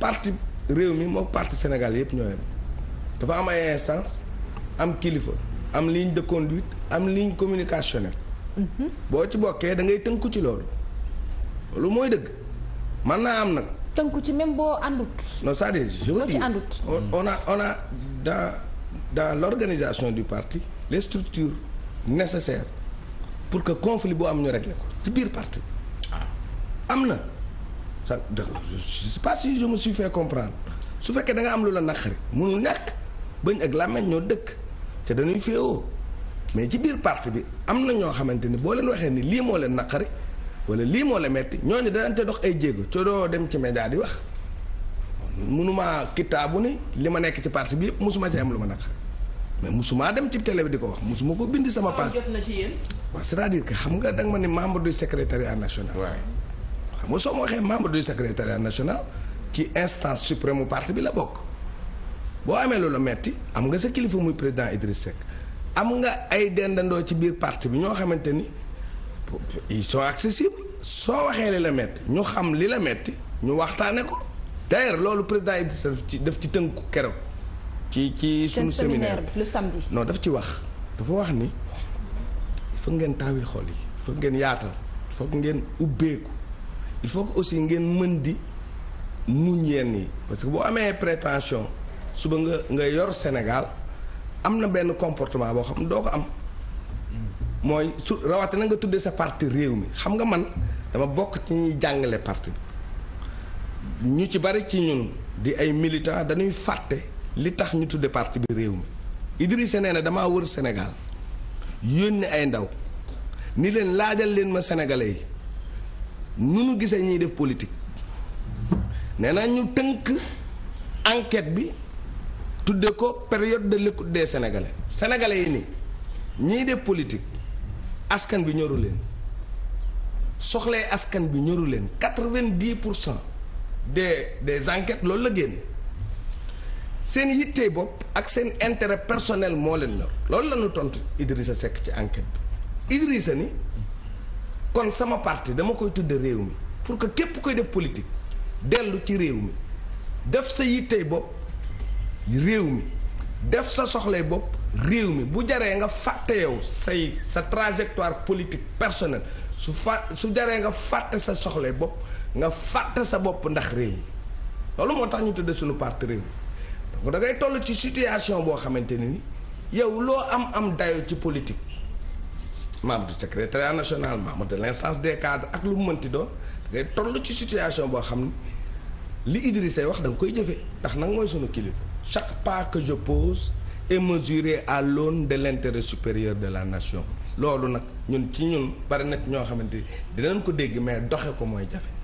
parti réew mi moo parti Sénégal yëpp ñoo yem dafa am ay instance am kilifa am ligne de conduite am ligne communicationnelle mhm. boo ci bokkee da ngay tënku ci loolu lu mooy dëgg man naa am nag tënku ci même boo àndut non c'est-à-dire je veux dire on a on a dans l'organisation du parti les structures nécessaires pour que conflit boo am ñu régler ko ci biir parti ah. am na ça je sais pas si je me su fekkee da nga am lu la naqari mënul ñàkk bëñ ak làmmiñ ñoo dëkk te dañuy féewoo mais ci biir parti bi am na ñoo xamante ni boo leen waxee ni lii moo leen naqari wala lii moo la metti ñooñu danante dox ay jéego co doo dem ci média di wax mënumaa kitaabu ni li ma nekk ci parti bi yëpp mosuma ci am lu ma naqari mais mosuma dem ci télé bi di ko wax mosuma ko bind sama. page jot na ci yéen. waaw c'est-à-dire que xam nga da nga ma ni membre du secrétariat national. waaw xam soo ma waxee membre du secrétariat national ci instance suprême parti bi la bokk boo amee loolu metti am nga sa kilifa muy président Idriss Seck am nga ay dendandoo ci biir parti bi ñoo xamante ni ils sont soo waxee li la metti ñu xam li la metti ñu waxtaane ko d'ailleurs loolu président Idriss daf ci daf ci tënku keroog ci ci suñu seminaire bi le samedi daf ci wax dafa wax ni foog ngeen taawee xol yi foog ngeen yaatal foog ngeen ubbeeku il faut que aussi ngeen mën di muñ yenn yi parce que boo amee prétention suba nga nga yor Sénégal am na benn comportement boo xam ne doo ko am mooy su rawatina nga tuddee sa parti réew mi xam nga man dama bokk ci ñuy jàngale parti bi ñu ci bari ci ñun di ay militants dañuy fàtte li tax ñu tuddee parti bi réew mi Idrissa nee na damaa wër Sénégal yónni ay ndaw ni leen laajal leen ma sénégalais yi nu nu gisee ñuy def politique nee nañu tënk enquête bi tudde ko période de l'écoute des sénégalais sénégalais yi ni ñiy def politique askan bi ñoru leen soxle askan bi ñoru leen quatre-vingt-dix pour cent des des enquêtes loolu la génn seen yittee bopp ak seen intérêt personnel moo leen ñor loolu la ñu tontu Idrissa Seck ci enquête bi Idrissa ni kon sama parti dama koy tudd réew mi pour que képp koy def politique dellu ci réew mi def sa yittey bopp réew mi def sa soxlay bopp réew mi bu jaree nga fàtte yow say sa trajectoire politique personnel su fa su jaree nga fàtte sa soxlay bopp nga fàtte sa bopp ndax réew mi loolu moo tax ñu tuddee suñu parti réew mi donc da ngay toll ci situation boo xamante ne ni yow loo am am dayo ci politique membre du secrétariat national membre de l'instance des cadres ak lu mu mënti doon ngay toll ci situation boo xam ni li Idrissa wax da nga koy jëfee ndax nag mooy sunu kilifa chaque pas que je pose est mesuré à l'aune de l'intérêt supérieur de la nation loolu nag ñun ci ñun bari nag ñoo xamante di dinañ ko dégg mais doxe ko mooy jafe